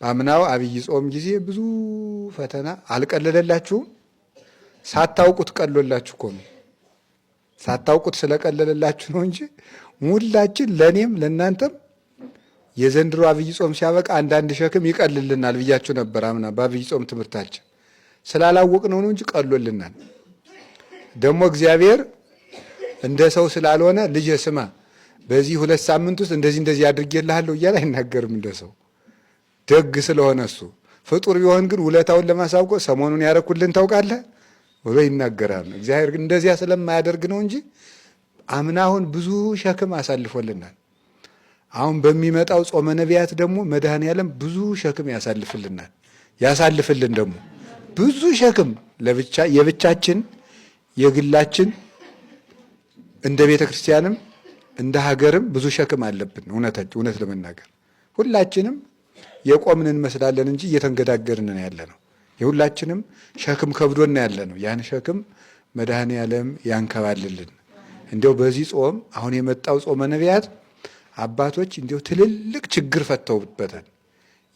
በአምናው አብይ ጾም ጊዜ ብዙ ፈተና አልቀለለላችሁም። ሳታውቁት ቀሎላችሁ እኮ ነው። ሳታውቁት ስለቀለለላችሁ ነው እንጂ ሙላችን፣ ለእኔም ለእናንተም የዘንድሮ አብይ ጾም ሲያበቃ አንዳንድ ሸክም ይቀልልናል ብያችሁ ነበር። አምና በአብይ ጾም ትምህርታችን ስላላወቅ ነው ነው እንጂ ቀሎልናል። ደግሞ እግዚአብሔር እንደ ሰው ስላልሆነ ልጄ ስማ፣ በዚህ ሁለት ሳምንት ውስጥ እንደዚህ እንደዚህ አድርጌልሃለሁ እያለ አይናገርም እንደ ሰው ደግ ስለሆነ እሱ ፍጡር ቢሆን ግን ውለታውን ለማሳውቆ ሰሞኑን ያረኩልን ታውቃለህ ብሎ ይናገራል። እግዚአብሔር ግን እንደዚያ ስለማያደርግ ነው እንጂ አምናሁን ብዙ ሸክም አሳልፎልናል። አሁን በሚመጣው ጾመ ነቢያት ደግሞ መድኃኔዓለም ብዙ ሸክም ያሳልፍልናል። ያሳልፍልን ደግሞ ብዙ ሸክም ለብቻ የብቻችን የግላችን እንደ ቤተ ክርስቲያንም እንደ ሀገርም ብዙ ሸክም አለብን። እውነት ለመናገር ሁላችንም የቆምን እንመስላለን እንጂ እየተንገዳገርን ነው ያለ ነው። የሁላችንም ሸክም ከብዶና ያለ ነው። ያን ሸክም መድኃኔ ዓለም ያንከባልልን። እንዲያው በዚህ ጾም አሁን የመጣው ጾመ ነቢያት አባቶች እንዲያው ትልልቅ ችግር ፈተውበታል።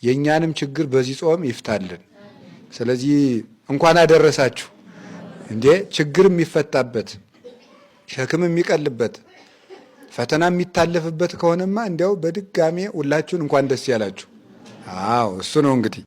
የእኛንም ችግር በዚህ ጾም ይፍታልን። ስለዚህ እንኳን አደረሳችሁ እንዴ! ችግር የሚፈታበት ሸክም የሚቀልበት ፈተና የሚታለፍበት ከሆነማ እንዲያው በድጋሜ ሁላችሁን እንኳን ደስ ያላችሁ። አዎ እሱ ነው እንግዲህ